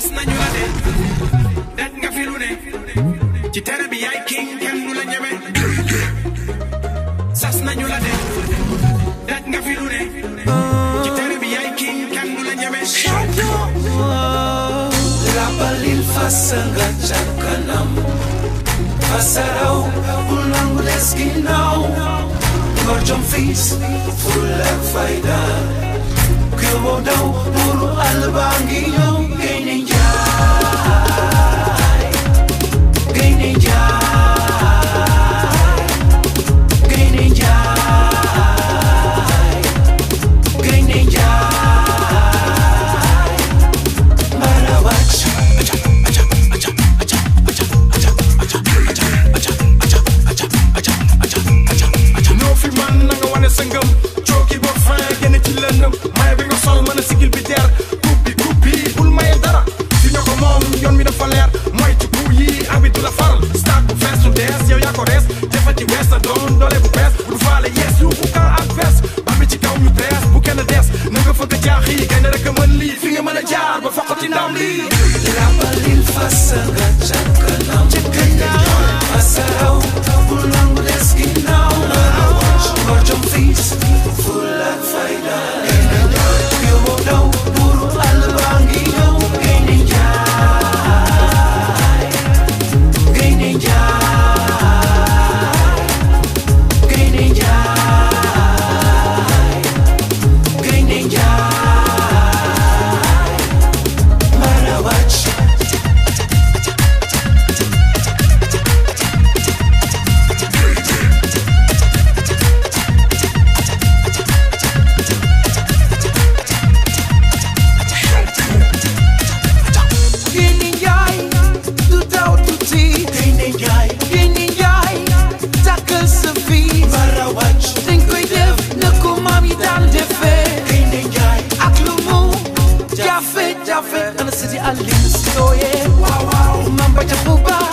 tas nañu la de daj nga fi lu ne ci tere bi yaay king kenn du la ñeme sas nañu la de daj nga fi lu ne ci tere bi yaay king kenn du la ñeme rabalil fasa nga ca kanam fasa raw bul nangu des ginnaaw ngor jom fiis fulla fayda kër moo daw mën a jaar ba foqati ndam li. làmbalil fas alistoye mamba chapupa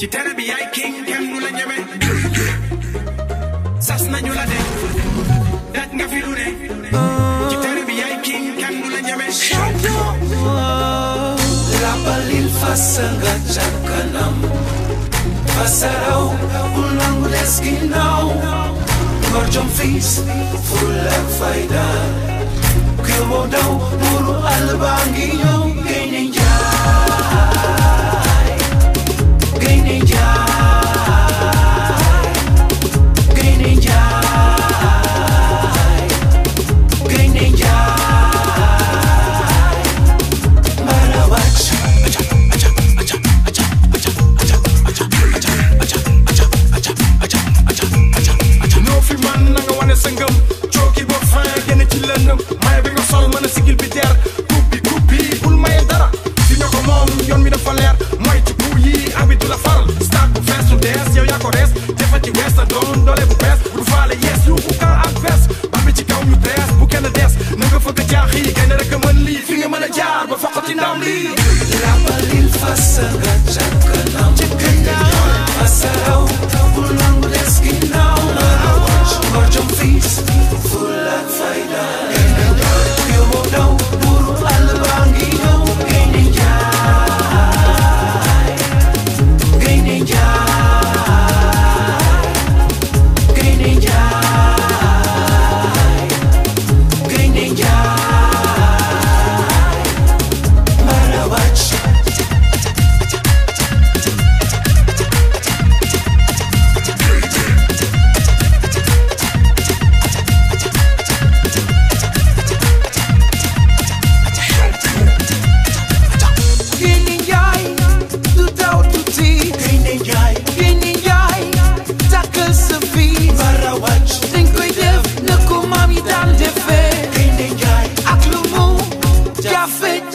ci tere bi yaay king kenn du la ñeme sas nañu la de daj nga fi lu ne ci tere bi yaay king kenn du la ñeme labalil fasa nga ca kanam fasa raw bu nangu des ginnaaw ngor jom fiis ful ak fayda kër moo daw muru àll baa ngi ñëw génne njaay din am lii la fa sëgg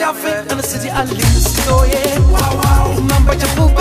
Jafe and the city I live in. So yeah, wow wow, man, but your